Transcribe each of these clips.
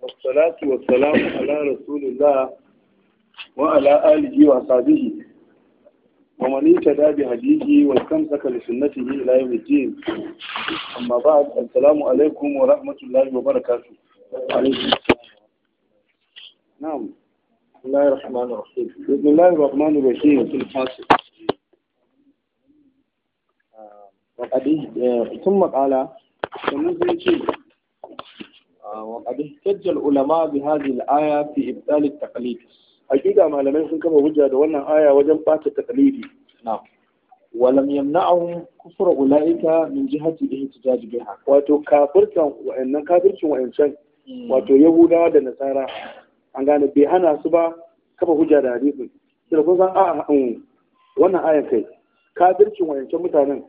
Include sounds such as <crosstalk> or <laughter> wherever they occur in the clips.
Wàtàlátí wàtàlámù alára sólè lá wọ́n aláàlì a sáàbí yìí. Wọ́n wọ́n ní kẹta bí hajji yìí Amma bá wàtàlámù alaikun wa rahmatullahi wa barakatu. Àwọn ọmọdé ṣe ṣe ṣe ṣe ṣe ṣe ṣe ṣe ṣe ṣe ṣe ṣe ṣe ṣe ṣe ṣe وقد احتج العلماء بهذه الآية في إبطال التقليد حقيقة ما لم يكن كما وجه دولنا آية وجن بات التقليد نعم ولم يمنعهم كفر أولئك من جهة الاحتجاج بها واتو كافرتهم وإن كافرتهم وإن شن wato yahudawa da nasara an gane bai hana su ba kafa hujja da hadisin sai da kun san a wannan ayan kai kafircin wayancan mutanen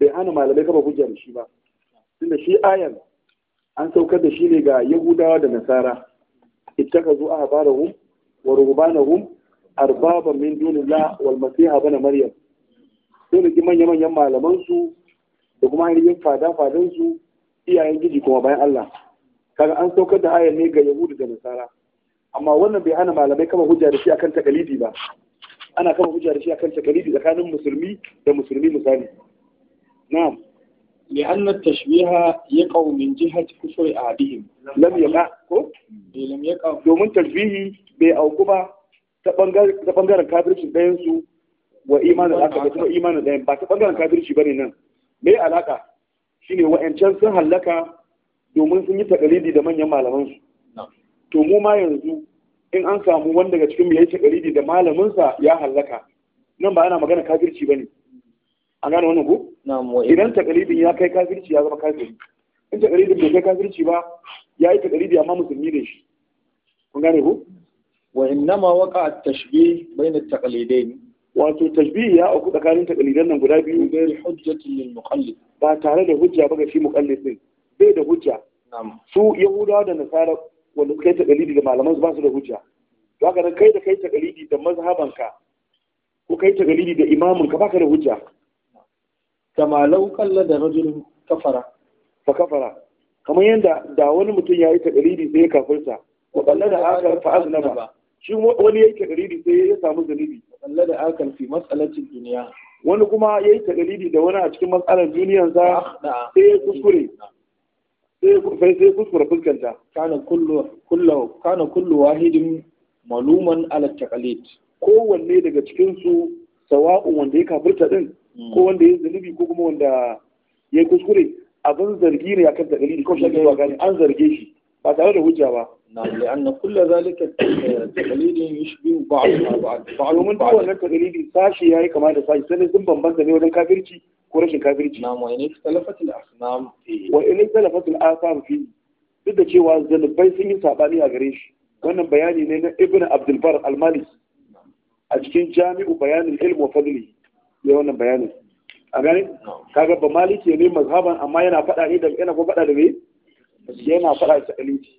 bai hana malamai kafa hujja da shi ba tunda shi ayan an saukar da shi ne ga yahudawa da nasara ittakazu ahbarahum wa ruhbanahum arbaban min dunillah wal masiha bana maryam sai da manya manyan malaman su da kuma ainihin fada fadan su iyayen giji kuma bayan Allah kaga an saukar da ayar ne ga yahudu da nasara amma wannan bai hana malamai kama hujja da shi akan takalidi ba ana kama hujja da shi akan takalidi tsakanin musulmi da musulmi misali na'am لأن التشبيه يقع من جهة كفر أحدهم لم يقع لم يقع يوم تشبيه بأوكبا ta bangaren kafirci ɗayan wa imanin aka da kuma imanin ɗayan ba ta bangaren kafirci bane nan me alaka shine wa'ancan sun halaka domin sun yi takalidi da manyan malaman to mu ma yanzu in an samu wanda daga cikin mu yayi takalidi da malamin ya hallaka nan ba ana magana kafirci bane an gane wannan ko idan takalidin ya kai kafirci ya zama kafiri in takalidin bai kai kafirci ba ya yi takalidi amma musulmi ne shi kun gane ko wa innama waqa at-tashbih bayna at-taqlidain wato tashbih ya auku tsakanin takalidan nan guda biyu bai hujjatin lil muqallid ba tare da hujja ba ga shi muqallid din bai da hujja su yahudawa da nasara wanda kai yi takalidi da malaman ba su da hujja ka haka kai da kai takalidi da mazhabanka ko kai takalidi da imamin ka baka da hujja kama la da rajulun kafara fa kafara kamar yadda da wani mutum ya yi takariri sai ya kafirta wa ɓalla da akar fa ba, shi wani ya yi takariri sai ya samu zalibi. wa ɓalla da aka fi matsalacin duniya wani kuma ya yi takariri da wani a cikin duniyan duniyarsa sai ya kuskure sai sai kuskure fuskanta kana kullu kullu kana kullu wahidin maluman ala taqlid kowanne daga cikin su sawa'u wanda ya kafirta din ko wanda ya zunubi ko kuma wanda ya yi kuskure abin zargi ne akan da dalili kawai shi zuwa gani an zarge shi ba tare da hujja ba na'am li'anna kullu zalika taqlidin yushbihu ba'daha ba'd domin duk wannan taqlidi sashi yayi kama da sashi sai sun bambanta ne wajen kafirci ko rashin kafirci na'am wa in a al-asnam wa in ikhtalafat al-asnam fi duk da cewa zanubai sun yi sabani a gare shi wannan bayani ne na ibn abdul bar al-maliki a cikin jami'u bayanin ilmu wa fadli ya wannan bayanin a gane kaga ba maliki ne mazhaban amma yana faɗa ne da yana ko faɗa da me yana faɗa da sa'aliki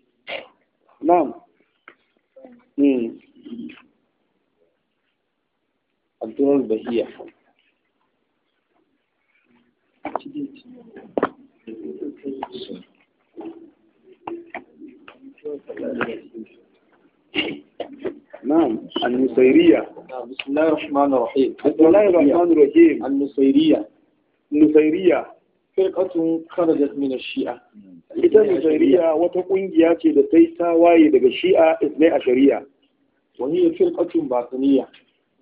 na'am hmm. Abdul Bahiya Thank you. نعم النصيرية بسم الله الرحمن الرحيم بسم الله الرحمن الرحيم النصيرية النصيرية firqatun kharajat min ash-shi'a ita nusairiya wata kungiya ce da ta yi tawaye daga shi'a isnai a shari'a wani ya firqatun batiniya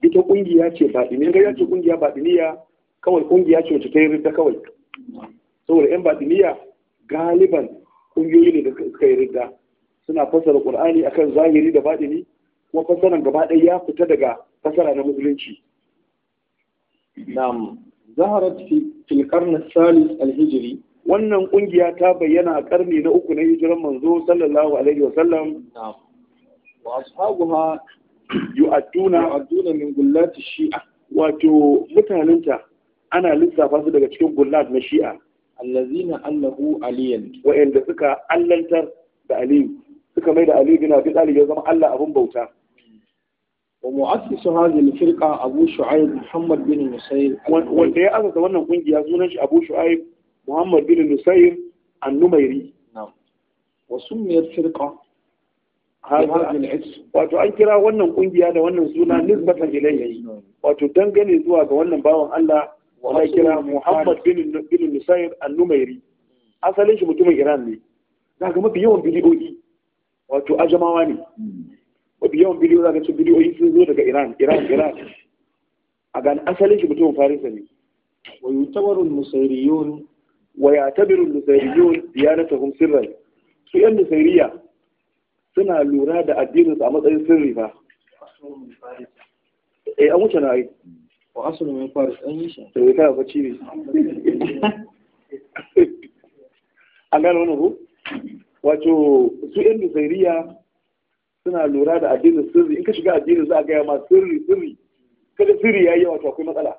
ita kungiya ce batiniya ga yace kungiya batiniya kawai kungiya ce wacce ta yi ridda kawai saboda yan batiniya galiban kungiyoyi ne da suka yi ridda suna fassara qur'ani akan zahiri da batini kuma fassaran gaba ɗaya ya fita daga fassara na musulunci na'am zaharat fi na salis al wannan ƙungiya ta bayyana a ƙarni na uku na hijiran manzo sallallahu alaihi wa sallam wa ashabuha yu'adduna yu'adduna min gullati shi'a wato mutanenta ana lissafa su daga cikin gullat na shi'a allazina allahu aliyan Wayanda suka allantar da aliyu suka mai da aliyu bin abi talib ya zama Allah abin bauta ومؤسس هذه الفرقة أبو شعيب محمد بن نسير wanda ya azata wannan kungiya sunan Abu Shu'aib Muhammad bin Nusayr An-Numairi na'am wa summiyat an kira wannan kungiya da wannan suna nisbatan ilayhi wato dangane zuwa ga wannan bawan Allah wa kira Muhammad bin bin Nusayr an asalin shi mutumin Iran ne zaka mafi yawan bidiyoyi wato ajamawa ne mafi yawan bidiyo za ka ci bidiyoyi sun zo daga iran iran iran a gani asalin shi mutumin farisa ne wa yutabarun nusairiyun wa yatabirun nusairiyun diyanatahum sirran su yan nusairiya suna lura da addinin su a matsayin sirri ba eh an wuce na yi. wa asulu min faris an yi shi sai ka fa cibi an gano wannan ko wato su yan nusairiya suna lura da addinin sirri in ka shiga addinin za a gaya ma sirri sirri kada sirri ya yi yawa to akwai matsala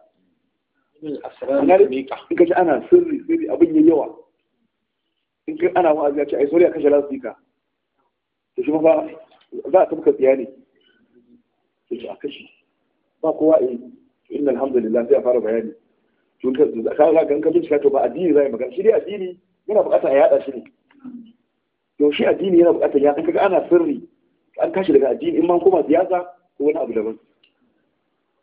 in ka ji ana sirri sirri abin ya yawa in ka ana wa'azi ya ce ai a kashe lasika to shi mafa za a tabbata tsiya ne to shi a kashe ba kowa in inna alhamdulillah sai a fara bayani to ka ga ga ka bincika to ba addini zai magana shi dai addini yana bukatar a yada shi ne to shi addini yana bukatar ya kaga ana sirri an kashi daga addini in ma an koma siyasa ko wani abu daban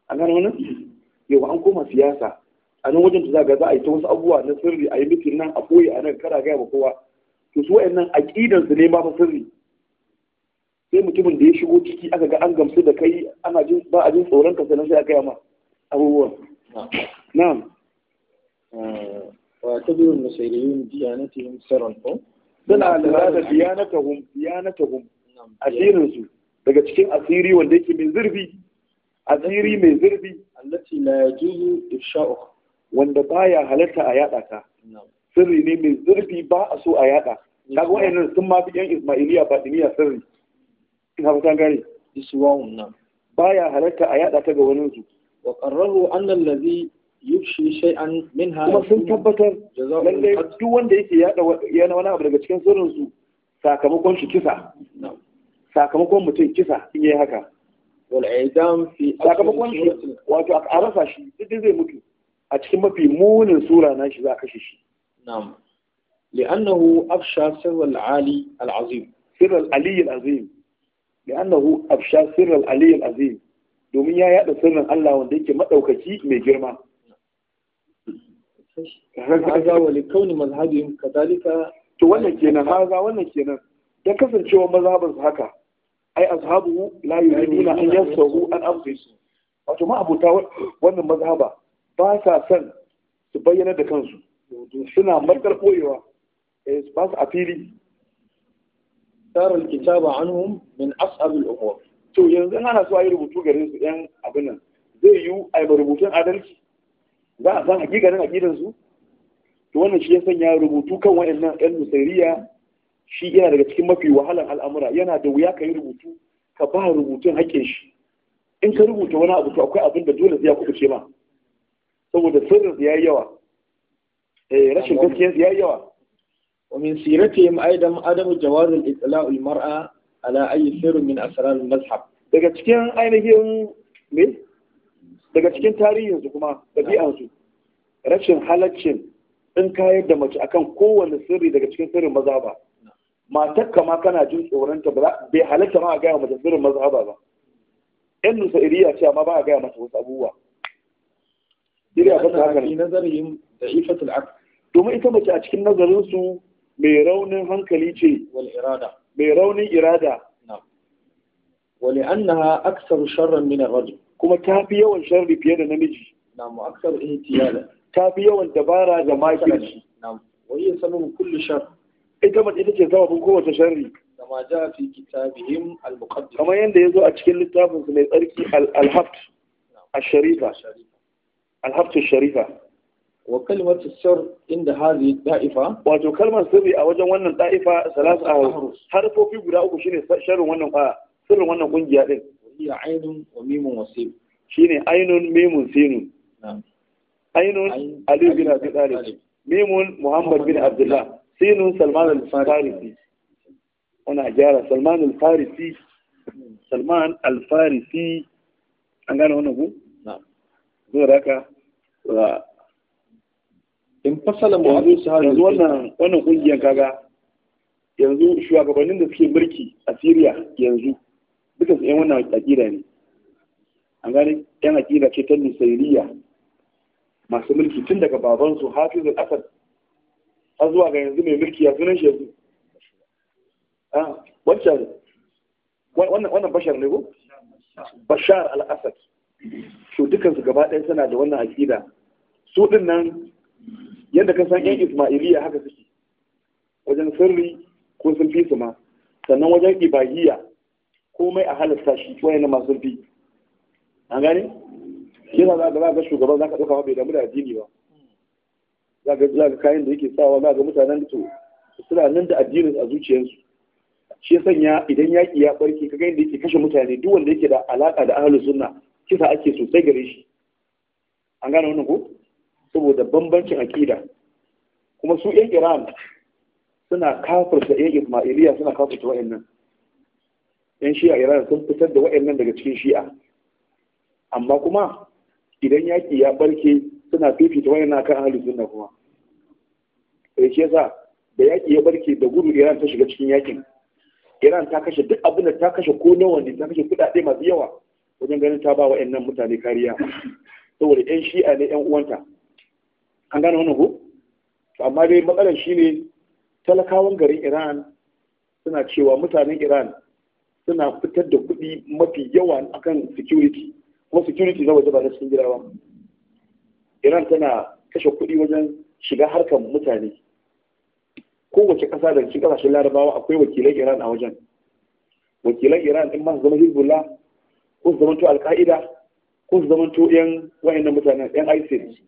an gano wannan yau an koma siyasa a nan wajen za ga za a yi ta wasu abubuwa na sirri a yi mitin nan a koyi a nan kada gaya ba kowa to su nan aƙidan su ne ma fa sirri sai mutumin da ya shigo ciki aka ga an gamsu da kai ana jin ba a jin tsoron ka sanan sai aka yi ma abubuwan na'am wa tabi'un musayriyun diyanatihim sirran ko suna lura da diyanatahum diyanatahum asirinsu daga cikin asiri wanda yake mai zurfi asiri mai zurfi allati la yajuzu ifsha'u wanda baya halarta a yada ta sirri ne mai zurfi ba a so a yada kaga wayannan sun ma fi yan ismailiya badiniya sirri ina fatan gare iswa'un nan baya halarta a yada ta ga wani su wa qarrahu anna allazi yufshi shay'an minha kuma sun tabbatar lalle duk wanda yake yada wani abu daga cikin sirrin su sakamakon shi kisa sakamakon mutum kisa in yi haka sakamakon shi wato a rasa shi duk zai mutu a cikin mafi munin sura na shi za a kashe shi na'am li'annahu afsha sirr al-ali al-azim ali azim li'annahu afsha sirr ali azim domin ya yada sirrin Allah wanda yake maɗaukaki mai girma haza wa likauni mazhabihim kadalika to wannan kenan haza wannan kenan da kasancewa mazhabansu haka ai azhabu la yuridina an yansahu an anfusu wato ma abuta wannan mazhaba ba sa son su bayyana da kansu suna matsar koyewa eh, ba su a fili tsara kitaba anhum min as'ab al-umur to yanzu ana so ayi rubutu gare su yan abin nan zai yi ai rubutun adalci za a san hakikanin akidan su to wannan shi ya sanya rubutu kan wa'annan yan musayriya shi yana daga cikin mafi wahalan al'amura yana da wuya ka yi rubutu ka ba rubutun haƙƙin shi in ka rubuta wani abu to akwai abin da dole sai ya kuɓuce ma saboda sirrin ya yi yawa eh rashin gaskiya ya yi yawa ومن سيرتهم أيضا عدم جواز الإطلاع المرأة على أي سر من أسرار المذهب daga cikin ainihin me daga cikin tarihin su kuma su. rashin halaccin in kayar da mace akan kowane sirri daga cikin sirrin maza ba matar kama kana jin tsoronta ba bai halatta ma a gaya mata sirrin mazhaba ba yan nusa iriya ce amma ba a gaya mata wasu abubuwa iriya ba ta haka ne nazarin da ifatul aql domin ita mace a cikin nazarin su mai raunin hankali ce wal irada mai raunin irada wal annaha aksar sharran min ar kuma ta fi yawan sharri fiye da namiji mu aksar ihtiyala ta fi yawan dabara da makirci na'am wa hiya sababu sharr ita ita ce sababin kowace sharri kama ja fi kitabihim al-muqaddas kamar yanda yazo a cikin littafin su mai tsarki al-haft al-sharifa al-haft al-sharifa wa sir inda da'ifa wato kalmar sirri a wajen wannan da'ifa salasu ahruf harfofi guda uku shine sharrin wannan fa sirrin wannan kungiya din hiya ainun wa mimun wa sin shine ainun mimun sinun ainun ali bin abi talib mimun muhammad bin abdullah sinu salman al-farisi ana gyara salman al-farisi salman al-farisi an gane wannan ku? zuwa da haka in fasala mu abin su yanzu wannan wannan kungiyar kaga yanzu shugabannin da suke mulki a Syria yanzu duka su yan wannan akida ne an gane yan akida ce ta Nusairiya masu mulki tun daga babansu Hafiz al-Asad har zuwa ga yanzu mai mulki ya sunan shi yanzu ah, wancan wannan bashar ne ko bashar al-asad to dukansu gaba ɗaya suna da wannan aƙida su ɗin nan yadda ka san yan ismailiya haka suke wajen sirri ko sun fi su ma sannan wajen ibahiyya komai a halatta shi wayan na masu fi an gani? yana za ka ga shugaban za ka ɗauka bai damu da addini ba za ga kayan da yake sawa za ga mutanen da suna nan da addinin a zuciyarsu shi ya sanya idan yaƙi ya barke kaga inda yake kashe mutane duk wanda yake da alaka da ahlus sunna kisa ake sosai gare shi an gane wannan ko saboda bambancin akida kuma su yan iran suna kafirta yan ismailiya suna kafirta wa'annan yan shi'a iran sun fitar da wayannan daga cikin shi'a amma kuma idan yaki ya barke suna fifita na kan ahlus sunna kuma sai eh, shi yasa da yaki ya barke da gudu Iran ta shiga cikin yakin Iran ta kashe duk abin da ta kashe ko nawa ne ta kashe kudade masu yawa wajen ganin ta ba wayannan mutane kariya saboda yan shi'a ne yan uwanta an gane wannan ko amma dai matsalar shine talakawan garin Iran suna cewa mutanen Iran suna fitar da kuɗi mafi yawa akan security kuma security na waje ba na cikin gida ba iran tana kashe kuɗi wajen shiga harkar mutane kowace ƙasa daga cikin ƙasashen larabawa akwai wakilan iran a wajen wakilan iran din masu zama hezbollah ko su zama to alka'ida ko su zama to yan wa'yan mutanen yan isis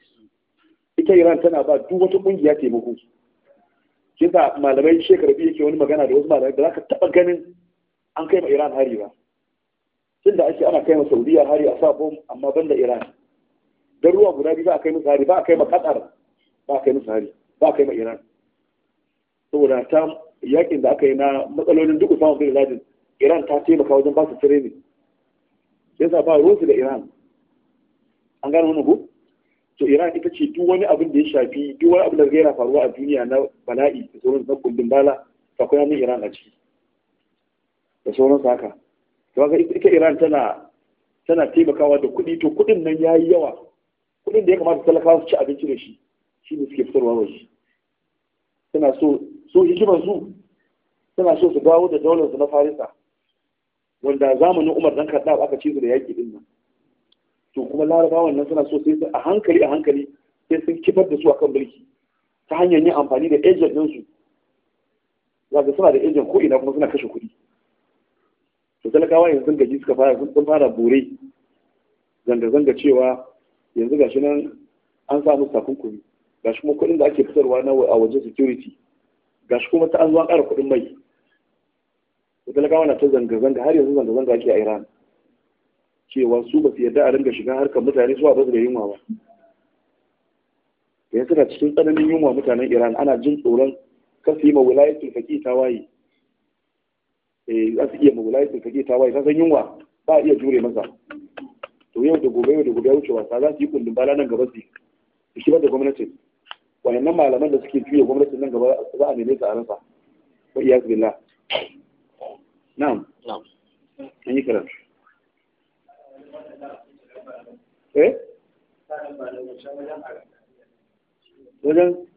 ita iran tana ba duk wata ƙungiya taimako shi yasa malamai shekaru biyu yake wani magana da wasu malamai da za ka taɓa ganin an kai ma iran hari ba tunda ake ana kai ma saudiya hari a sa bom amma ban da iran da ruwa guda biyu ba a kai musu hari ba a kai ma Qatar ba a kai musu hari ba a kai ma Iran saboda ta yakin da aka yi na matsalolin duk Usama bin Laden Iran ta taimaka wajen ba su training yasa ba ruwansu da Iran an gano wani ko to Iran ita ce duk wani abin da ya shafi duk wani abin da zai faruwa a duniya na bala'i da sauran na kullum bala kuma hannun Iran a ciki da sauran haka to ga ita Iran tana tana taimakawa da kuɗi to kuɗin nan yayi yawa kuɗin da ya kamata talakawa su ci abinci da shi shi ne suke fitarwa waje suna so so hikimar su suna so su dawo da daular su na farisa wanda zamanin umar dan kaddaf aka ci su da yaƙi din nan to kuma larabawan nan suna so sai a hankali a hankali sai sun kifar da su akan mulki ta hanyar yin amfani da agent su. za suna da agent ko ina kuma suna kashe kuɗi to talakawa yanzu sun gaji suka fara sun fara bore zanga-zanga cewa yanzu gashi nan an samu musu takunkumi gashi kuma kuɗin da ake fitarwa na a wajen security gashi kuma ta an zuwa ƙara kuɗin mai Wata talakawa na ta zanga-zanga har yanzu zanga-zanga ake a iran cewa su ba su yarda a ringa shiga harkar mutane su a su da yunwa ba da yanzu cikin tsananin yunwa mutanen iran ana jin tsoron kar su yi ma wilayatul faƙi ta waye eh za su iya ma wilayatul faƙi ta waye ta san yunwa ba a iya jure masa to yau da gobe da gobe wuce wasa za su yi kundin bala nan gaba su yi kibar da gwamnatin wayannan malaman da suke juya gwamnatin nan gaba za a nemi su a rasa wa su billah na'am na'am an yi karatu eh wajen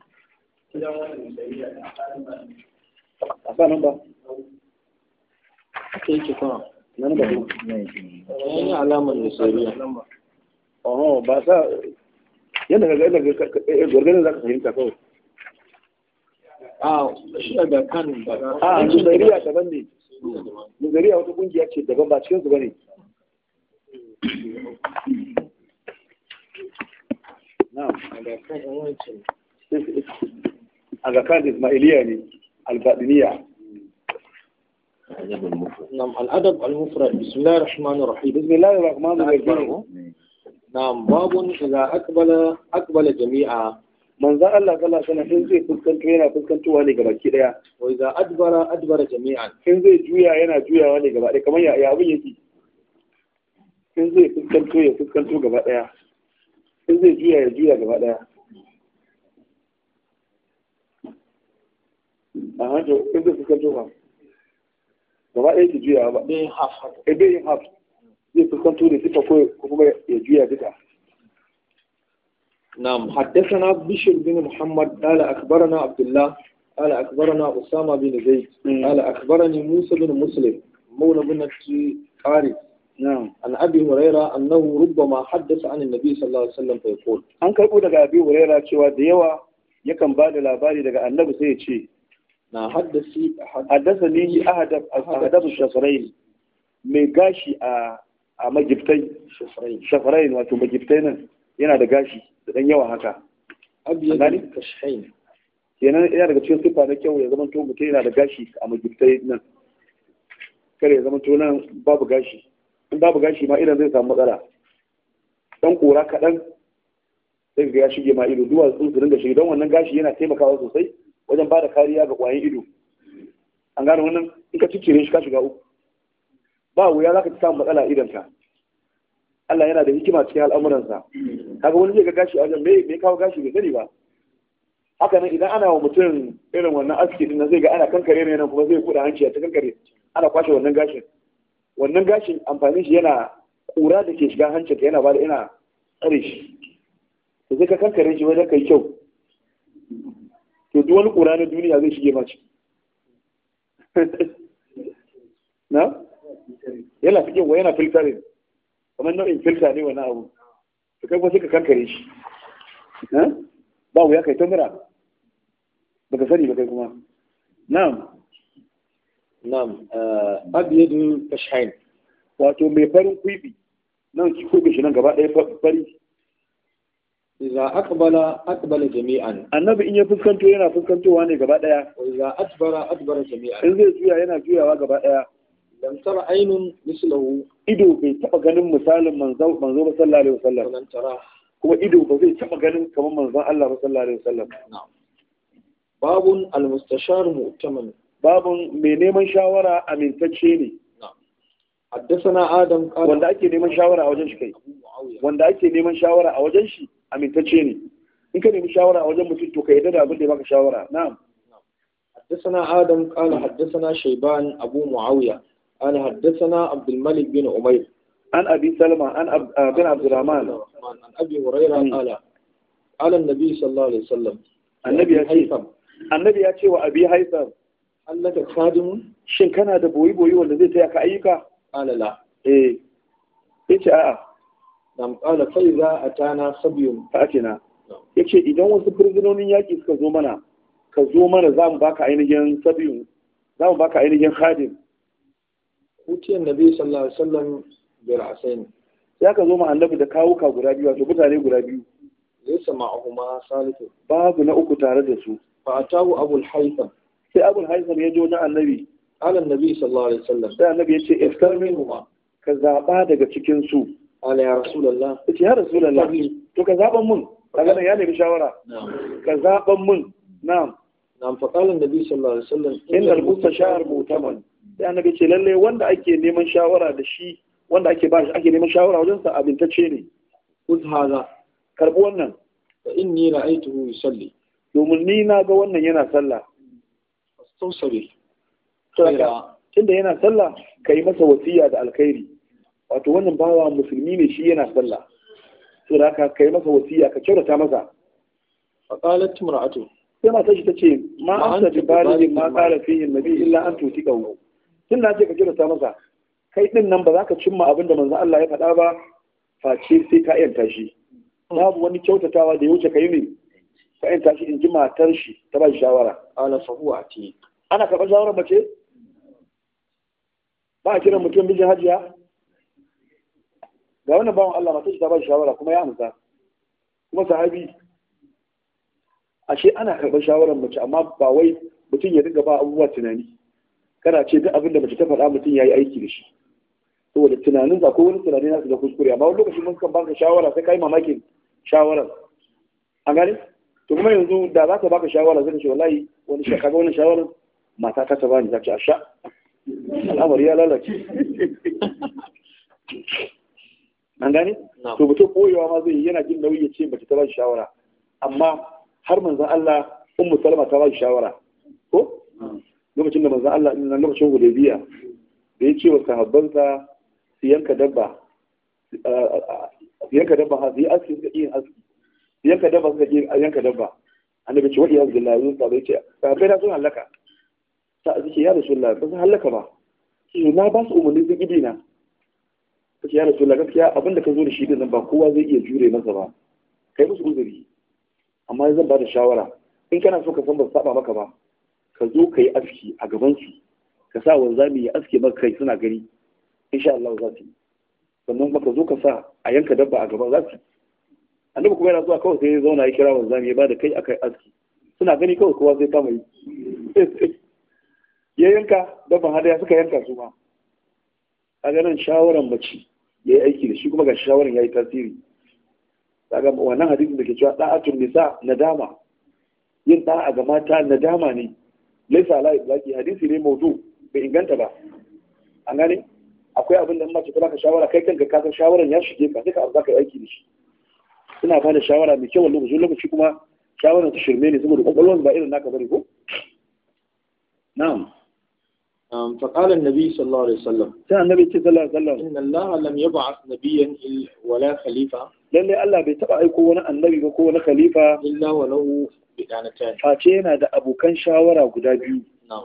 a sa nan ba ake yake kuma nan da wani alaman da sariya oho ba sa yadda ka ga eh, gwargwarin za ka fahimta kawai a ah, shi da kan ba a ah, nuzariya daban ne nuzariya wata kungiya ce daban ba cikin su ne. a ga kan ismailiya ne albadiniya الأدب المفرد نعم الأدب المفرد بسم الله الرحمن الرحيم بسم الله الرحمن الرحيم نعم باب إذا أقبل أقبل جميعا manzo Allah sallallahu alaihi wasallam in zai fuskanto yana fuskantowa ne gabaki daya wa idza adbara adbara jami'an in zai juya yana juyawa ne gaba kamar ya abin yake zai fuskanto ya fuskanto gaba daya in zai juya ya juya gaba daya a gaba ɗaya ki juya ba bai yin zai da kuma ya juya duka نعم حدثنا بشر بن محمد قال أخبرنا عبد الله قال أخبرنا أسامة بن زيد قال أخبرني موسى بن مسلم مولى بن قاري نعم Haddasa أبي Nabi أنه ربما حدث عن النبي صلى الله عليه وسلم فيقول cewa da yawa yakan ba da labari daga Annabi sai ya ce, na haddasi haddasa ni ahadab ahadab shafrain mai gashi a a magiftai wato magiftai nan yana da gashi da dan yawa haka abiyani kashain kenan daga cikin sifa na kyau ya zama to mutum yana da gashi a magiftai nan kare ya zama to nan babu gashi in babu gashi ma idan zai samu matsala dan kora kaɗan sai shige ma ido duwatsu su ringa shige don wannan gashi yana taimakawa sosai wajen ba da kariya ga ƙwayan ido an gane wannan in ka cikire shi ka shiga uku ba wuya za ka ci samun matsala ka. Allah yana da hikima cikin al'amuransa kaga wani zai ga gashi a wajen ya kawo gashi bai gani ba haka nan idan ana wa mutum irin wannan aski din zai ga ana kankare ne nan kuma zai kuɗa hanci ya ta kankare ana kwashe wannan gashin wannan gashin amfanin shi yana kura da ke shiga hancin yana yana bada yana tsare shi da zai ka kankare shi wajen kai kyau to duk wani ƙura na duniya zai shige ba ciki <laughs> na yana fi wa yana filtering kamar nau'in filta ne wani abu to kai kuma suka kankare shi na? ba wuya kai tamira mura baka sani ba kai kuma na'am na'am eh, dun tashain wato mai farin kwibi nan ki kobe shi nan gaba ɗaya farin Iza akbala akbala jami'an. Annabi in ya fuskanto yana fuskantowa ne gaba daya. Iza atbara atbara jami'an. In zai juya yana juyawa gaba daya. Lam tara ainun mislahu. Ido bai taba ganin misalin manzo manzo ba sallallahu alaihi wasallam. Lam tara. Kuma ido ba zai taba ganin kamar manzon Allah ba sallallahu alaihi wasallam. Na'am. Babun al-mustashar mu'taman. Babun mai neman shawara amintacce ne. Haddasa na Adam. Wanda ake neman shawara a wajen shi kai. Wanda ake neman shawara a wajen shi. amintacce ne in ka nemi shawara a wajen mutum to ka yarda da abin da ya baka shawara na'am حدثنا آدم قال حدثنا شيبان أبو معاوية قال حدثنا عبد الملك بن عمير عن أبي سلمة عن أب... بن عبد الرحمن عن أبي هريرة قال قال النبي صلى الله عليه وسلم النبي هيثم النبي يأتي وأبي هيثم هل لك خادم شن كان هذا بوي بوي ولا زي أيك قال لا إيه إيه nam za a idza atana sabiyun Ya ce idan wasu prisonin yaƙi suka zo mana ka zo mana za mu baka ainihin sabiyun za mu baka ainihin hadin hutiyar nabi sallallahu alaihi wasallam bi ra'sain ya ka zo ma annabi da kawuka guda biyu wato mutane guda biyu laysa ma'ahuma salisu babu na uku tare da su fa atahu abul haytham sai abul haytham ya jo na annabi alan nabi sallallahu alaihi wasallam sai annabi ya ce iftar minhuma ka zaba daga cikin su qala ya rasulullah yace ya rasulullah to ka zaban mun kaga ya nemi shawara ka zaban mun na'am na'am fa qala annabi sallallahu alaihi wasallam innal mustashar mu'taman sai annabi ce lalle wanda ake neman shawara da shi wanda ake ba shi ake neman shawara wajen sa abintacce ne uz haza karbi wannan fa inni ra'aytuhu yusalli domin ni na ga wannan yana sallah astausari tunda yana sallah ka yi masa wasiya da alkhairi wato wannan bawa musulmi ne shi yana sallah da aka kai masa wasiya ka kyautata masa fa qalat imra'atu sai matar shi ce ma anta bi ne ma qala fihi nabi illa an tutikahu tun na ce ka kyautata masa kai din nan ba za ka cimma abin da manzo Allah ya faɗa ba face sai ka yanta shi babu wani kyautatawa da ya wuce kai ne ka yanta shi in ji matar shi ta ba shi shawara ala fa huwa ana karɓar shawarar mace ba a kiran mutum bijin hajiya ga wannan bawan Allah mata shi ta ba shawara kuma ya amsa kuma sahabi ashe ana karɓar shawarar mace amma ba wai mutum ya dinga ba abubuwa tunani kana ce duk abin da mace ta faɗa mutum ya yi aiki da shi saboda tunanin ko wani tunani na su da kuskure amma wani lokacin mun kan baka shawara sai ka yi mamakin shawarar an gani to kuma yanzu da za ka baka shawara zai ce wallahi wani ga wani shawarar mata ta ta bani za a sha al'amari ya lalace an gane to mutum koyewa ma zai yana jin nauyi ya ce mace ta ba shi shawara amma har manzon Allah ummu salama ta ba shi shawara ko lokacin da manzon Allah na lokacin hudaybiya da ya ce wa sahabbansa su yanka dabba su yanka dabba ha su yi aski suka iya aski su yanka dabba suka iya yanka dabba annabi ce wa iyaz billahi yunus bai ce sahabbai da sun halaka ta ce ya rasulullah ba su halaka ba na ba su umarni zai gidi na kace ya rasu gaskiya abin da ka zo da shi din ba kowa zai iya jure masa ba kai musu uzuri amma zan ba da shawara in kana so ka san ba su saba maka ba ka zo ka yi aski a gaban su ka sa wanzami ya aske maka kai suna gani insha Allah za su yi sannan kuma ka zo ka sa a yanka dabba a gaba za su A annabi kuma yana zuwa kawai sai ya zauna ya kira wanzami ya ba da kai akai aski suna gani kawai kowa zai kama yi <laughs> ya yanka dabban ya suka yanka su ma kaga nan shawaran mace ya yi aiki da shi kuma ga shawaran ya yi tasiri kaga wannan hadisin da ke cewa da'atun nisa nadama yin da'a ga mata nadama ne laisa la iblaki hadisi ne maudu bai inganta ba an gane akwai abin da mace ta baka shawara kai kanka ka san shawaran ya shige ka duka abu zaka yi aiki da shi suna ba da shawara mai kyau lokaci lokaci kuma shawaran ta shirme ne saboda kwakwalwar ba irin naka bane ko na'am فقال النبي صلى الله عليه وسلم كان النبي صلى الله عليه وسلم إن الله لم يبعث نبيا ولا خليفة للي الله بيتبع يكون النبي يكون خليفة إلا ولو بدانتان فاتينا دا أبو كان شاورا قدابي نعم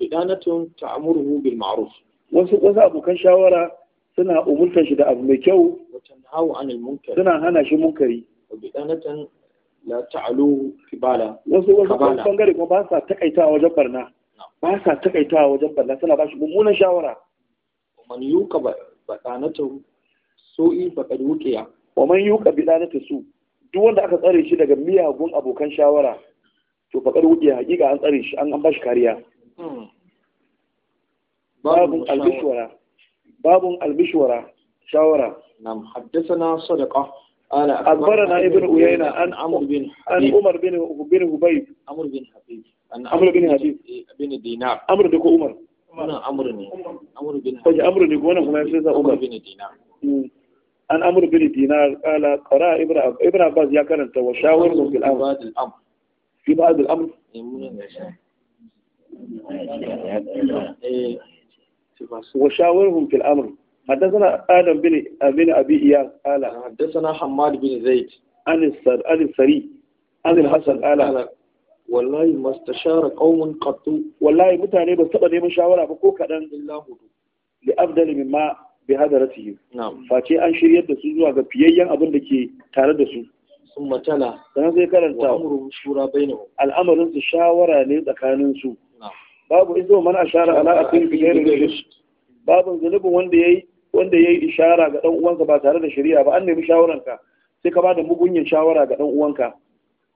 بدانة تأمره بالمعروف wasu wasu abokan shawara suna umurtar shi da abu mai kyau suna hana shi munkari la ta'alu kibala wasu wasu bangare kuma ba sa takaita wajen barna ba sa takaitawa wajen balla suna ba shi mummunan shawara man yuka badanatu ba faqad wukiya wa man yuka na su duk wanda aka tsare shi daga miyagun abokan shawara to faqad wukiya hakika an tsare shi an an bashi kariya hmm. babun albishwara babun albishwara shawara nam haddathana sadaqa أنا أخبرنا ابن عيينة أن عمر بن أن عمر بن بن عبيد عمر بن حبيب أن عمر بن حبيب بن دينار عمر دكو عمر أنا عمرو ne عمرو بن حبيب عمرو دكو أنا كمان سيدا عمر بن دينار أن عمر بن دينار قال قراء ابن ابن عباس يا أنت وشاورهم في بعض الأمر في بعض الأمر إيه، وشاورهم في الأمر حدثنا آدم بن بن أبي إياس قال حدثنا حماد بن زيد عن السر عن السري عن الحسن قال والله ما استشار قوم قط والله متاني بس تبقى نيمن شاورا بكو كدان إلا هدو لأفضل مما بهدرته نعم فاتي أن شريت دسو زوا ga fiyayyen abin da ke tare da su summa tala dan sai karanta amrun shura bainahum al'amarin su shawara ne tsakanin su babu izo man ashara ala akin bi ghairi babu zulubin wanda yayi wanda ya yi ishara ga ɗan'uwanka ba tare da shari'a ba an nemi shawaranka sai ka ba da mugunyin shawara ga ɗan'uwanka.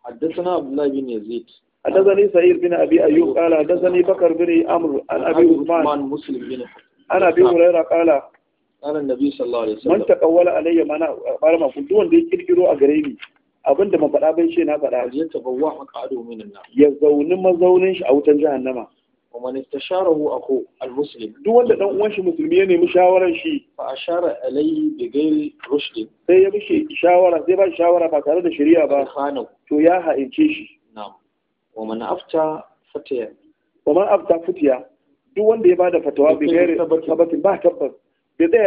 حدثنا عبد الله بن يزيد حدثني سعيد بن ابي ايوب قال حدثني بكر بن عمرو عن ابي عثمان مسلم بن عن ابي هريره قال قال النبي صلى الله عليه وسلم ya kirkiro a gare ni abinda bai ce na faɗa ya zaune zauni mazaunin shi a wutan nama. wa استشاره istasharahu المسلم al-muslim duk wanda dan uwan shi musulmi ya nemi shawaran shi fa ashara alayhi bi ghairi rushdin sai ya mishi shawara sai ba shawara ba tare da shari'a ba khanu to ya ha'ince shi na'am wa man afta fatiya wa man afta fatiya duk wanda ya bada fatawa bi ghairi tabbatin ba tabbas bada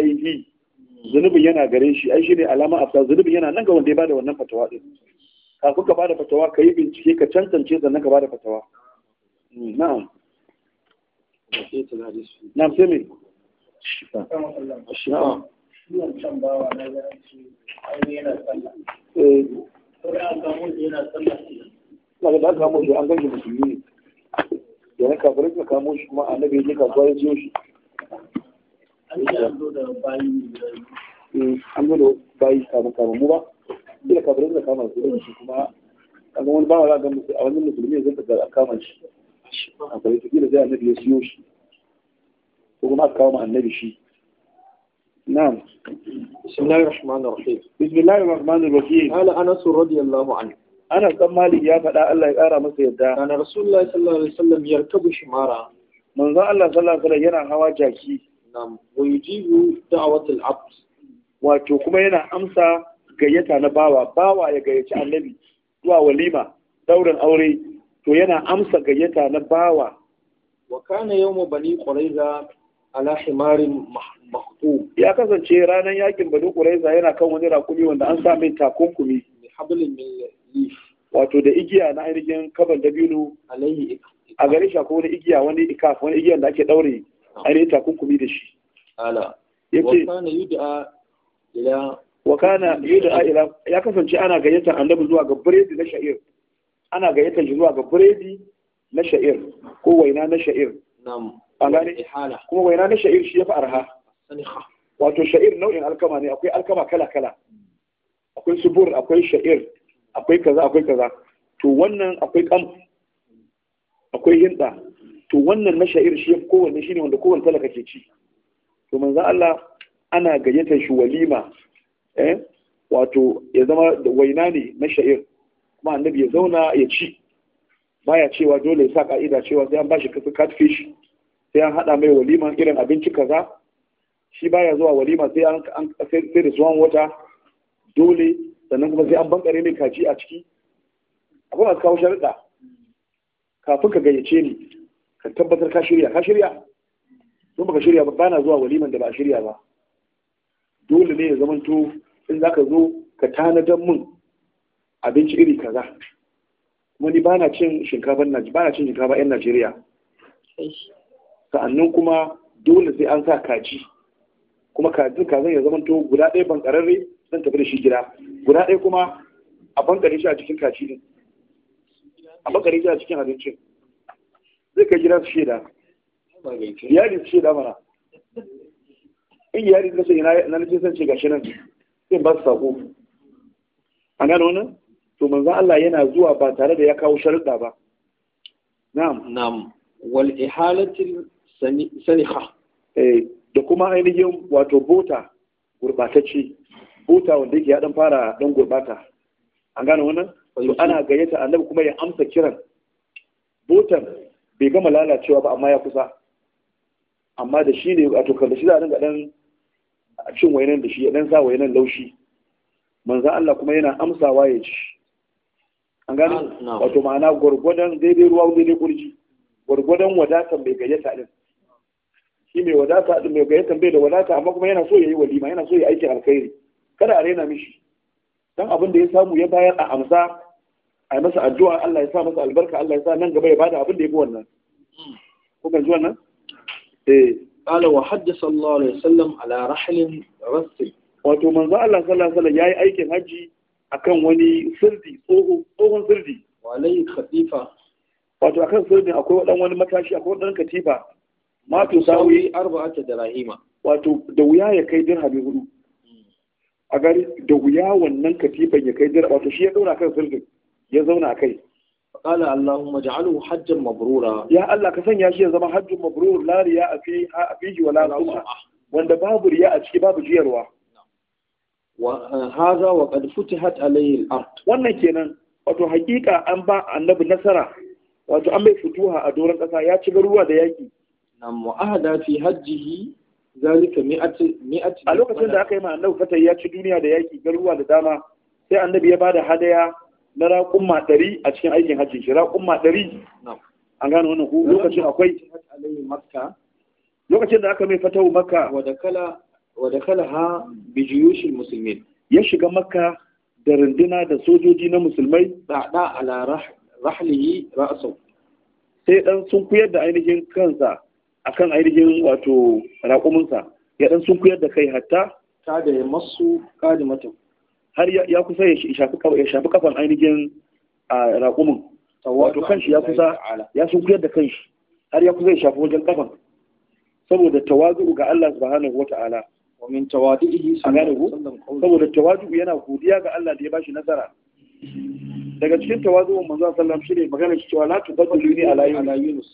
hmm. zunubin yana gare shi ai shine alama afta zunubin yana nan ga wanda ya bada wannan fatawa din kafin ka bada fatawa ka yi bincike ka cancance sannan ka bada fatawa hmm, na'am na'am sai me na'am Daga eh, da aka kamo shi an ganshi musulmi ne, da na kafirai ka kamo shi kuma annabi ya kasuwa ya ciyo shi. An zo da bayi eh, An bayi kafin kafin mu ba? kila kafirai suka kama su da shi kuma kaga wani bawa za ga a wani musulmi zai ga a kama shi a kai ta kila zai annabi ya siyo shi ko kuma aka kama annabi shi na'am bismillahir rahmanir rahim bismillahir rahmanir rahim ala anas radiyallahu anhu ana dan malik ya faɗa Allah ya ƙara masa yadda ana rasulullahi sallallahu alaihi wasallam yarkabu shimara manzo Allah sallallahu alaihi wasallam yana hawa jaki nam wa yujibu da'watul abd wato kuma yana amsa gayyata na bawa bawa ya gayyaci annabi zuwa walima daurin aure to yana amsa gayyata na bawa wa kana yawmu bani quraiza ala himarin mahtu ya kasance ranar yakin bani quraiza yana kan wani rakumi wanda an sa mai takunkumi hablin min wato da igiya na ainihin kaban dabino alayhi a gare shi akwai wani igiya wani ikaf wani igiyan da ake daure ah. ainihin takunkumi da shi ala yake wa kana yud'a ila wa kana yud'a ila ya kasance ana gayyatar annabi zuwa ga biredi na sha'ir ana gayyatar shi zuwa ga biredi na sha'ir ko waina na sha'ir na'am an gane kuma waina na sha'ir shi ya yafi arha wato sha'ir nau'in alkama ne akwai alkama kala kala akwai subur akwai sha'ir akwai kaza akwai kaza to wannan akwai kam akwai hinda to wannan na sha'ir shi yafi kowanne shine wanda kowanne talaka ke ci to manzo Allah ana gayyatar shi walima eh wato ya zama waina ne na sha'ir kuma annabi ya zauna ya ci baya cewa dole ya sa ka'ida cewa sai an bashi kasu catfish sai an hada mai waliman irin abinci kaza shi baya zuwa walima sai an sai da suwan wata dole sannan kuma sai an bankare mai kaji a ciki akwai masu kawo sharuɗa kafin ka gayyace ni ka tabbatar ka shirya ka shirya don baka shirya ba bana zuwa waliman da ba shirya ba dole ne ya zamanto in za ka zo ka tanadar mun abinci iri kaza kuma ni bana cin shinkafa bana cin shinkafa yan Najeriya sa'annan kuma dole sai an sa kaji kuma kajin kazan ya zama to guda ɗaya bankararre zan tafi da shi gida guda ɗaya kuma a bankare shi a cikin kaji din a bankare shi a cikin abincin zai kai gida su shaida iyali su shaida mana in iyali na ce na nace san ce gashi nan sai ba su sako a gano wani, to manzan Allah yana zuwa ba tare da ya kawo sharuɗa ba na'am na'am wal ihalatil saniha eh, da kuma ainihin wato bota gurbatacce bota wanda yake ya fara don gurbata A gano wani, to ana gayyata annabi kuma ya amsa kiran botan bai gama lalacewa ba amma ya kusa amma da shi ne wato kan da shi za a dinga dan a cin wainan da shi ya dan sa wainan laushi manzan Allah kuma yana amsawa ya ci an gani wato ma'ana gwargwadon daidai ruwa ne kurji gwargwadon wadatan mai gayyata din shi mai wadata din mai gayyata bai da wadata amma kuma yana so ya yi walima yana so ya aikin alkhairi kada a raina mishi dan abin da ya samu ya bayar a amsa a masa addu'a Allah ya sa masa albarka Allah ya sa nan gaba ya bada abin da ya fi wannan hmm. kuka ji wannan hmm. eh qala wa haddasa sallallahu alaihi wasallam ala rahlin rasil wato manzo Allah sallallahu alaihi wasallam yayi aikin haji akan wani sirdi tsohon sirdi walai khatifa wato akan sirdi akwai wadan wani matashi akwai wadan katifa ma to sawi arba'ata dirahima wato da wuya ya kai dirhami hudu a gari da wuya wannan katifan ya kai dirhami wato shi ya daura kan sirdin ya zauna a kai qala allahumma ja'alhu hajjan mabrura ya Allah ka sanya shi ya zama hajjun mabrur la riya a fi a fihi wala sum'a wanda babu riya a ciki babu jiyarwa wa hadha wa qad futihat alayhi al-ard wannan kenan wato hakika an ba annabi nasara wato an bai fituha a doron kasa ya ci garuwa da yaki nan mu'ahada fi hajjihi zalika mi'ati mi'ati a lokacin da aka yi ma annabi fatai ya ci duniya da yaki garuwa da dama sai annabi ya bada hadaya na raƙumma ɗari a cikin aikin hajji shi raƙumma ɗari an gane wannan ku lokacin akwai lokacin da aka mai fatawu makka wa da kala ha bijiyoshin musulmi ya shiga makka da runduna da sojoji na musulmai da ala rahlihi ra'asau sai dan sun kuyar da ainihin kansa akan ainihin wato raƙuminsa ya dan sun kuyar da kai hatta ta da masu kadimatan har ya kusa ya shafi kafan ainihin raƙumin wato kanshi ya kusa ya sunkuyar da kanshi har ya kusa ya shafi wajen kafan saboda tawazu ga Allah subhanahu wata'ala wa min tawadu'ihi saboda tawazu yana godiya ga Allah da ya bashi nasara daga cikin tawazu'un manzo sallam shine magana shi cewa la tufaddiluni ala yunus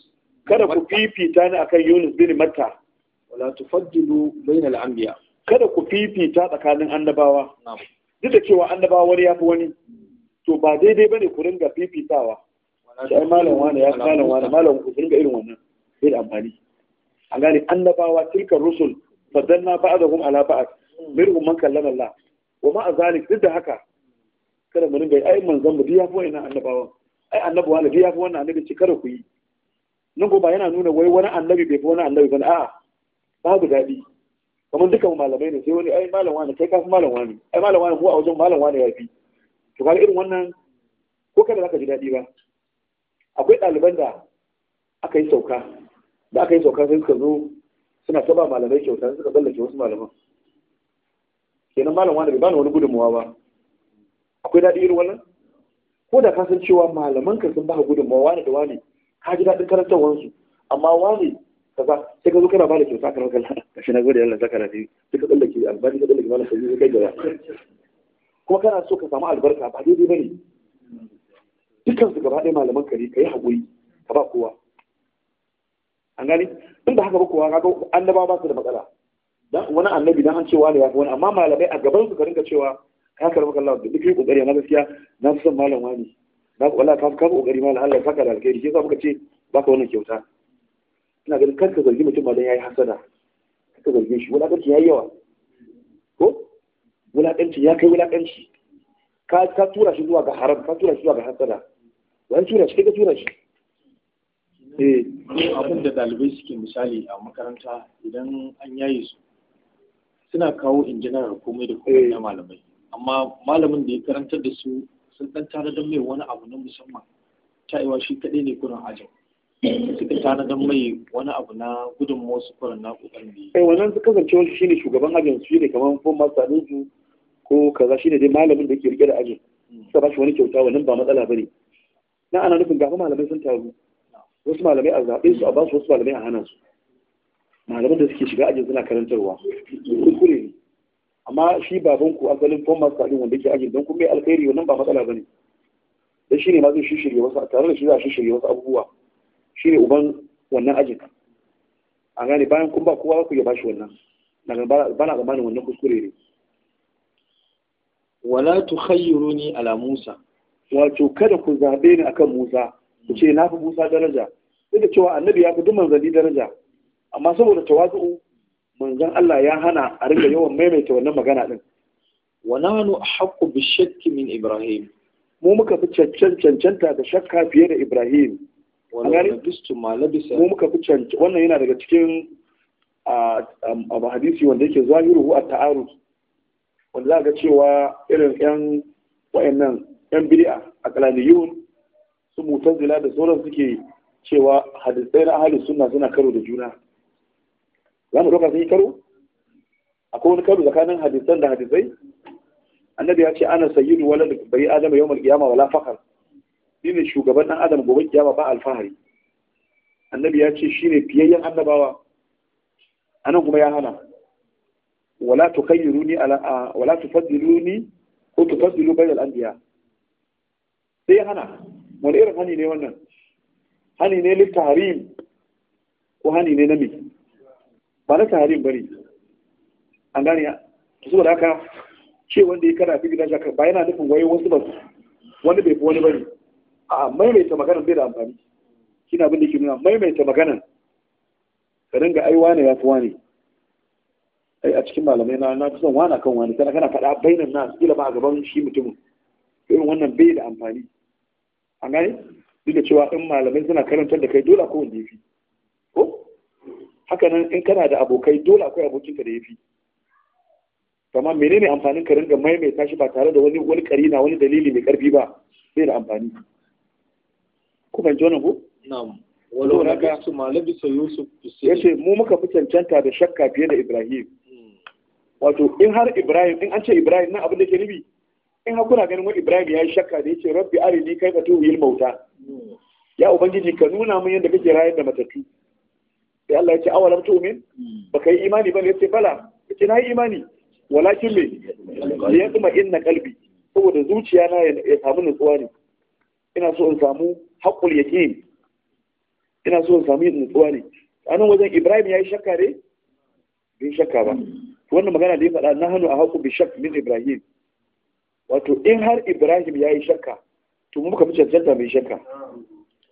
kada ku fifita ni akan yunus bin matta wala tufaddilu bainal anbiya kada ku fifita tsakanin annabawa na'am duk da cewa annabawa wani ya fi wani to ba daidai bane ku ringa fifitawa sai ai malam wani ya malam wani malam ku ringa irin wannan sai da amfani an gane annabawa tilkar rusul fadanna ba'dahum ala ba'd minhum man kallama Allah wa ma azalik duk da haka kada mu ringa ai manzon mu ya fi wannan annabawan ai annabawa ne ya fi wannan annabi ci kada ku yi nan ko ba yana nuna wai wani annabi bai fi wani annabi ba a'a babu daɗi kamar duka mu malamai ne sai wani ai malam wani kai kafin malam wani ai malam wani ko a wajen malam wani ya fi to kaga irin wannan ko kada zaka ji daɗi ba akwai ɗaliban da aka yi sauka da aka yi sauka sai suka zo suna ta ba malamai kyauta suka tsallake wasu malaman kenan malam wani bai bani wani gudunmuwa ba akwai daɗi irin wannan ko da ka san cewa malaman ka sun baka gudunmuwa wani da wani ka ji daɗin su amma wani kaza sai ka zo kana bada kyauta kana kana kashi na gode Allah saka rafi sai ka tsallake albarka ka tsallake mana sai kai gaba kuma kana so ka samu albarka ba daidai bane dukkan su gaba ɗaya malaman kare ka yi haƙuri ka ba kowa an gani in ba haka ba kowa kaga annabawa ba su da matsala dan wani annabi dan an cewa ne ya fi wani amma malamai a gaban su ka rinka cewa ka karɓi kallon da duk yi kokari amma gaskiya na fi son malam wani na wallahi ka fi kokari malam Allah ya saka da alkhairi shi yasa muka ce baka wannan kyauta suna ganin kanka zargi mutum ba ya yi hasada ka zarge shi wulaƙanci ya yi yawa ko wulaƙanci ya kai wulaƙanci ka tura shi zuwa ga haram ka tura shi zuwa ga hasada wani tura shi kai ka tura shi eh. abin da ɗalibai suke misali a makaranta idan an yayi su suna kawo injinar komai da komai na eh. malamai amma malamin da ya karantar da su sun ɗan tare da mai wani abu na musamman ta iwa shi kaɗai ne kuran ajin suka tanadar mai wani abu na gudun su kwaran na kokarin eh wannan suka zance wani shine shugaban ajin su ne kamar ko master ninju ko kaza shine dai malamin da ke rike da ajin hmm. suka ba shi wani kyauta wannan ba matsala bane na ana nufin gafi malamai sun taru wasu malamai a zaɓe su a ba su wasu malamai a hana su malaman da suke shiga ajin suna karantarwa kuskure ne amma shi baban ku asalin former sa'adin wanda ke ajin don kuma alkhairi wannan ba matsala bane dan shine ma zai shirye wasu a tare da shi za a shirye wasu abubuwa shi ne uban wannan ajin a gane bayan kun ba kowa ku ya bashi wannan daga bana tsammanin wannan kuskure ne wala ni ala Musa wato kada ku zabe ni akan Musa ku ce na fi Musa daraja duk da cewa annabi ya fi duk manzanni daraja amma saboda tawazu'u manzon Allah ya hana a rinka yawan maimaita wannan magana din wa nanu haqqu bi shakki min Ibrahim mu muka fi cancanta da shakka fiye da Ibrahim mu muka fi cancanci wannan yana daga cikin abu hadisi wanda yake zahiru a ta'arud wanda za ga cewa irin yan wayannan yan bid'a a kalaniyun su mutazila da sauran suke cewa hadisai na ahlus sunna suna karo da juna za mu ɗauka sun yi karo akwai wani karo tsakanin hadisan da hadisai annabi ya ce ana sayyidu da bai adama yawmal qiyama wala faqar ni ne shugaban ɗan adam gobe kiyama ba alfahari annabi ya ce shi ne fiyayyen annabawa anan kuma ya hana wala tukayyiruni ala wala tufaddiluni ko tufaddilu bainal anbiya sai ya hana wani irin hani ne wannan hani ne li tahrim ko hani ne na me ba na tahrim ne, an gane saboda haka ce wanda ya kara fi gidan jaka, ba yana nufin wai wasu ba wani bai fi wani bari a maimaita maganar bai da amfani kina abin da ke nuna maimaita maganar ka dinga ai wane ya fi wane ai a cikin malamai na na son wana kan wani kana kana faɗa bainan na kila ba a gaban shi mutumin irin wannan bai da amfani an gani, duk da cewa in malamai suna karantar da kai dole wanda ya fi ko haka nan in kana da abokai dole akwai abokinka da ya fi amma menene amfanin ka ringa maimaita shi ba tare da wani wani karina wani dalili mai karfi ba bai da amfani ku fahimci wannan ko na'am walau na ga su malabi sa yusuf ce mu muka fi cancanta da shakka fiye da ibrahim hmm. wato in har ibrahim in an ce ibrahim nan abin da ke nufi in har kuna ganin wani ibrahim ya yi shakka da ya ce rabbi arini kai ka tuhu yil mauta hmm. ya ubangiji ka nuna min yadda kake rayar da matattu sai Allah ya ce awalam tu'min hmm. baka yi imani ba ne. Ya ce bala ya ce na yi imani walakin me ya kuma inna kalbi saboda zuciya na ya samu nutsuwa ne ina so in samu haƙul yaqin ina so in samu nutsuwa ne a nan wajen Ibrahim ya yi shakka ne bin shakka ba wannan magana da ya faɗa na hannu a haƙu bi shak min Ibrahim wato in har Ibrahim ya yi shakka to mu muka fi cancanta mai shakka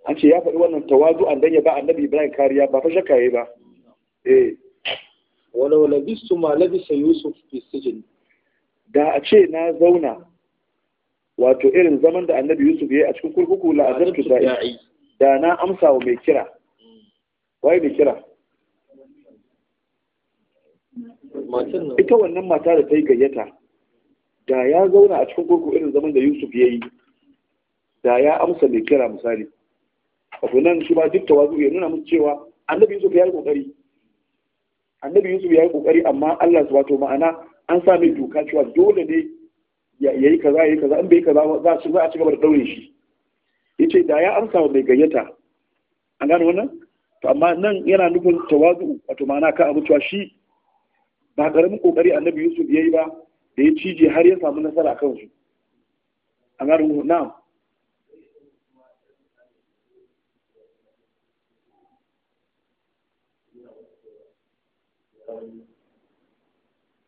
an ce ya faɗi wannan tawazu an dan ya ba annabi Ibrahim kariya ba fa shakka ya yi ba eh wala bisu ma labisa Yusuf fi sijin da a ce na zauna wato irin zaman da annabi yusuf ya yi a cikin kurkuku la'azantu da'i da na amsa wa mai kira wai mai kira ita wannan mata da ta yi gayyata da ya zauna a cikin kurkuku irin zaman da yusuf ya yi da ya amsa mai kira misali wato nan shi ba duk tawazu ya nuna musu cewa annabi yusuf ya yi kokari annabi yusuf ya yi kokari amma allah su wato ma'ana an sa mai doka cewa dole ne ya yi kaza ya yi kaza in bai kaza za a ci za a ci gaba da daure shi yace da ya amsa wa mai gayyata an gane wannan to amma nan yana nufin tawazu wato ma'ana ka abu cewa shi ba karamin kokari annabi Yusuf yayi ba da ya cije har ya samu nasara kan su an gane wannan na'am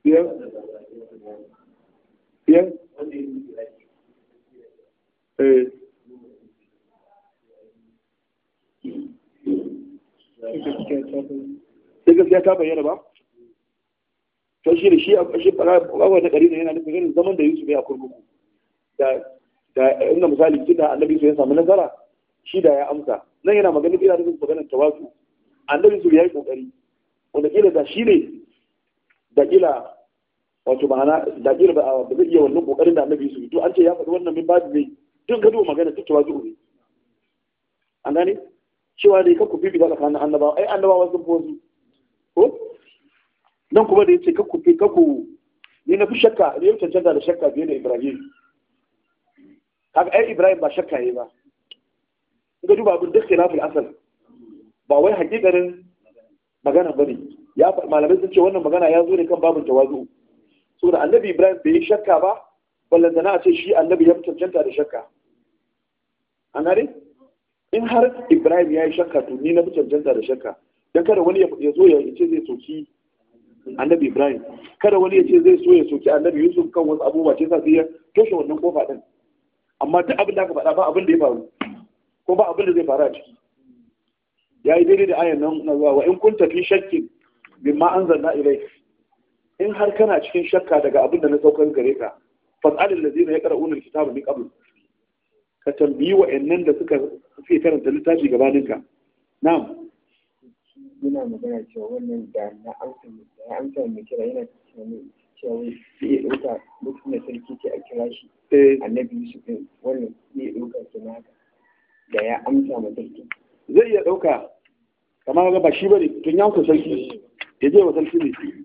Yeah. yan eh. sai gaskiya ta bayyana ba to shi da shi a shi bawar da kari ne yana nufin irin zaman da Yusuf ya kurkuku da da inda misali kida annabi su ya samu nasara shi da ya amsa nan yana magana kila da maganar tawazu annabi su ya yi kokari wanda kila da shi ne da kila wato ma'ana da kila ba ba zai iya wannan kokarin da annabi su to an ce ya faɗi wannan min babu zai tun ka duba magana ta zuwa ne an gane cewa dai ka ku bibi da kana annabawa ai annaba sun fi wasu ko nan kuma da yace ka ku ka ku ni na fi shakka ne yau cancanta da shakka biye da Ibrahim kaga ai Ibrahim ba shakka yayi ba in ka duba abin duk khilafin asal ba wai hakikarin magana bane ya malamai sun ce wannan magana ya zo ne kan babin tawazu'u saboda annabi ibrahim bai yi shakka ba ballanta na ce shi annabi ya mutuncanta da shakka an gane in har ibrahim ya yi shakka to ni na mutuncanta da shakka dan kada wani ya zo ya ce zai soki annabi ibrahim kada wani ya ce zai so ya soki annabi yusuf kan wasu abubuwa ce sa sai ya toshe wannan kofa din amma duk abin da aka faɗa ba abin da ya faru ko ba abin da zai faru a ciki ya yi daidai da ayan nan na zuwa wa in kun tafi shakkin bimma zanna ilai. in har kana cikin shakka daga abin da na saukar gare ka fasalin da fas'alil ladina yaqra'una alkitaba min qabl ka tambayi wa wa'annan da suka suke karanta littafi gabanin ka na'am muna magana cewa wannan da na amsa da amsa mai kira yana cikin cewa sai ɗauka mutum da sarki ce a kira shi eh. annabi su din wannan sai ɗauka kina haka da ya amsa ma sarki zai iya ɗauka kamar ga ba shi bane tun yanku sarki ya je wa sarki ne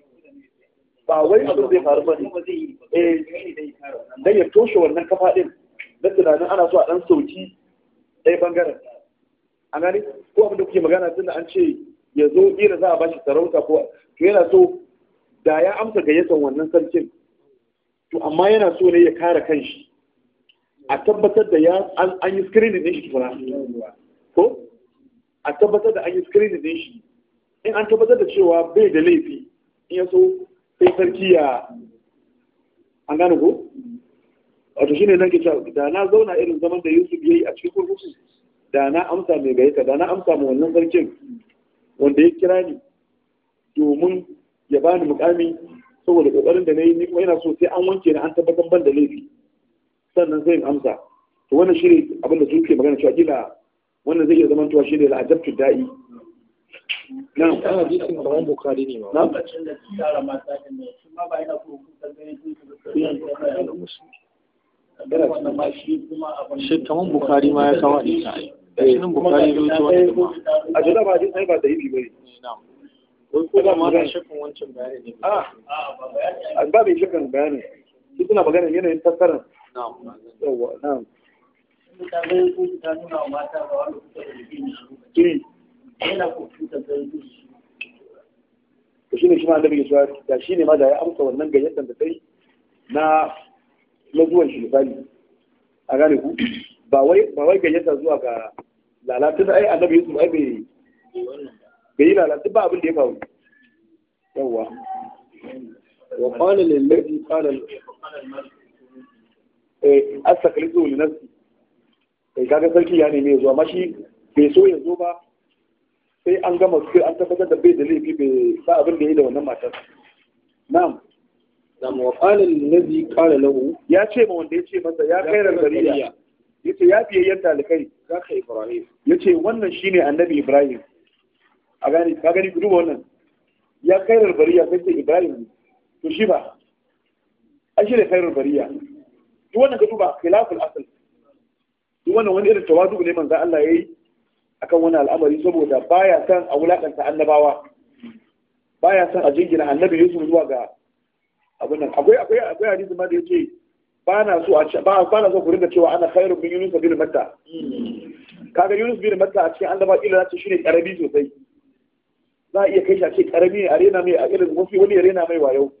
ba wai abin zai faru ba ne eh dan ya toshe wannan kafa din na tunanin ana so a dan sauki ɗaya bangaren A gani ko abin da kuke magana tun da an ce ya zo ƙira za a bashi sarauta ko to yana so da ya amsa gayyatar wannan sarkin to amma yana so ne ya kare kanshi a tabbatar da ya an yi screening din shi tukuna ko a tabbatar da an yi screening din shi in an tabbatar da cewa bai da laifi in ya so sai sarki ya an gane ko wato shine ke cewa da na zauna irin zaman da Yusuf yayi a cikin kurkuku da na amsa mai gaita da na amsa ma wannan sarkin wanda ya kira ni domin ya bani mukami saboda kokarin da nayi ni kuma ina so sai an wanke ni an tabbatar ban da laifi sannan sai in amsa to wannan shine abin da suke magana cewa kila wannan zai iya zaman tuwa shine la'ajabtu da'i nan kan hadisin bukari ne ma ya kawo ai eh, shi nan bukari ya wani kuma a jira ba sai ba da yi eh, wai ko ba ma da shakkun wancan ah, ah, bayani ne a ba bai shakkun bayani shi suna magana yanayin fassarar na'am na'am ko ta nuna mata ga wani kusa da yana kutuntar zargin su to shine shi ma annabi ya cewa shi ne ma da ya amsa wannan gayyatar da kai na na zuwan shi misali a gane ku ba wai ba wai gayyata zuwa ga lalatun ai annabi Yusuf ai bai bai yi lalatun ba abin da ya faru yawwa wa qala lil ladhi qala eh asakalizu li nafsi kai eh, kaga sarki ya neme zuwa mashi bai so ya zo ba sai an gama su an tabbatar da bai da laifi bai sa abin da ya yi da wannan matar na'am nam wa qala qala lahu ya ce ma wanda ya ce masa ya kai rangariya yace ya fiye yan talikai zaka ibrahim yace wannan shine annabi ibrahim a gani ka gani duba wannan ya kai rangariya sai ce ibrahim to shi ba ai shi da kai rangariya duk wannan ka duba khilaful asl duk wannan wani irin tawadu ne manzo Allah yayi akan wani al'amari saboda baya san a wulakanta annabawa baya san a jingina annabi yusu zuwa ga abin nan akwai akwai akwai hadisi ma da yake ba na so a ba ba na so ku rinka cewa ana khairu min Yunus bin Matta kaga Yunus bin Matta a cikin annabawa illa zai shine karabi sosai za a iya kai shi a ce karami ne a rena mai a irin mafi wani ya rena mai wayo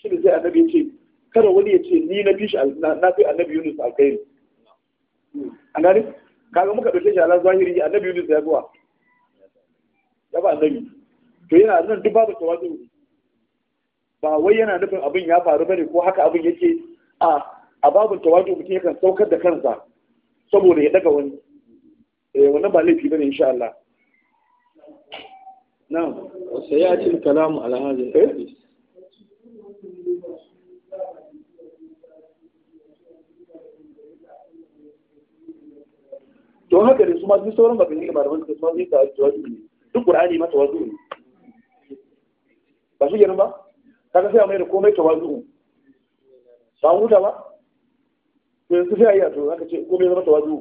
shi ne sai annabi ya ce kada wani ya ce ni na fi shi na fi annabi Yunus alkhairi an gane kaga muka dauke shi ala zahiri annabi Yunus ya zuwa ya ba annabi to yana nan duk babu tawazu ba wai yana nufin abin ya faru bane ko haka abin yake a a babu tawazu mutum yakan saukar da kansa saboda ya daga wani eh wannan ba laifi bane insha Allah na'am sayati kalamu ala hadhihi don haka ne su ma duk sauran maganganun malaman suka su ma zai tawazu tawazu ne duk qur'ani ma tawazu ne ba shi kenan ba kaga sai a mai da komai tawazu ba huta ba to yanzu sai a yi a to ce komai zama tawazu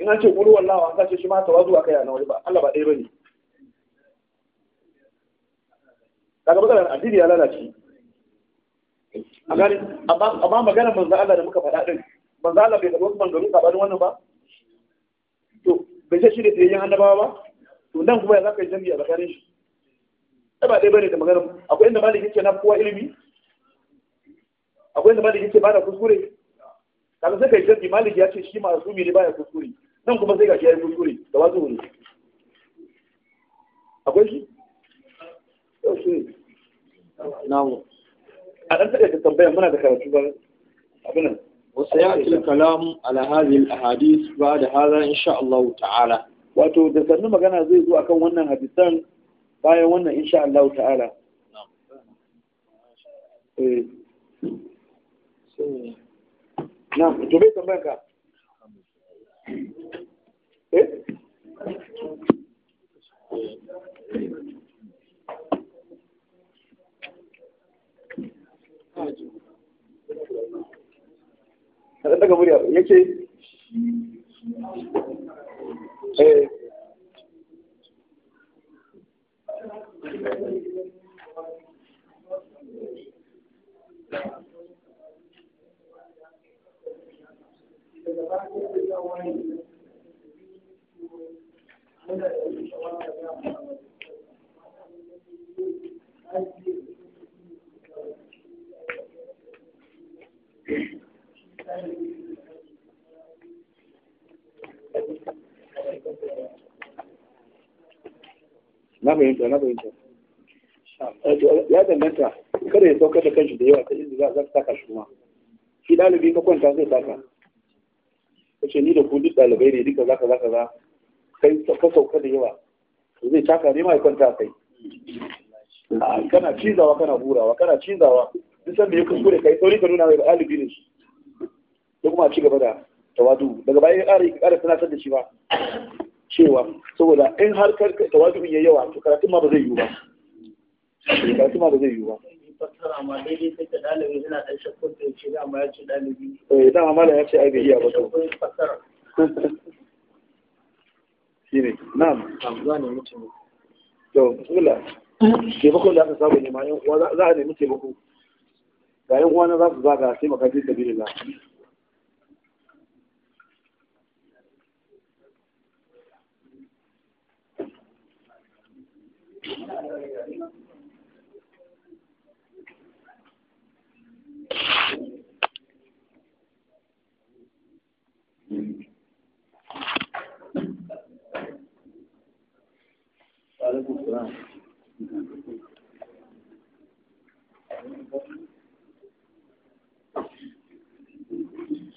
in an ce kulu wallahu an sace shi ma tawazu akai a nawa ba Allah ba ɗaya bane kaga matsalar addini ya lalace a gani amma maganar manzo Allah da muka faɗa din manzo Allah bai tabbata manzo ka faɗi wannan ba to bai sai shi a tsayayyen annabawa ba to nan kuma ya yi jami'a shi ba bane da akwai inda malik yake na kowa ilimi akwai inda malik yake kuskure kaga sai kai malik ya ce shi ne kuskure nan kuma sai ga shi ya yi kuskure da wasu akwai shi na'am a ɗan ta tambayar muna da karatu ba abin nan وسيأتي الكلام على هذه الأحاديث بعد هذا إن شاء الله تعالى wato da sannu magana zai zo akan wannan hadisan bayan wannan insha Allah ta'ala eh. na'am to bai ka eh? daga murya yake Thank eh. you. na fahimta na fahimta ya danganta kada ya saukar da kanshi da yawa ta inda za a saka shuma. ma shi ɗalibi ka kwanta zai saka kace ni da ku duk ɗalibai ne duka zaka zaka za kai ka sauka da yawa zai taka ne ma ya kwanta kai kana cizawa kana hurawa kana cizawa duk sanda ya kuskure kai sauri ka nuna mai ɗalibi ne shi sai kuma a ci gaba da tawadu daga baya ya ƙara tunatar da shi ba cewa saboda in har tawadu ya yawa to karatun ma ba zai yiwu ba karatun ma ba zai yiwu ba fassara ma daidai sai ka dalibi yana da shakkun da ce dama ya ce dalibi eh dama mala ya ce ai bai iya ba to <laughs> shine na'am amza ne mutum to bismillah taimakon da aka samu ne ma yan uwa za a nemi taimako ga yan uwa na za su zaga taimaka fi sabilillah alaikum salam Thank you.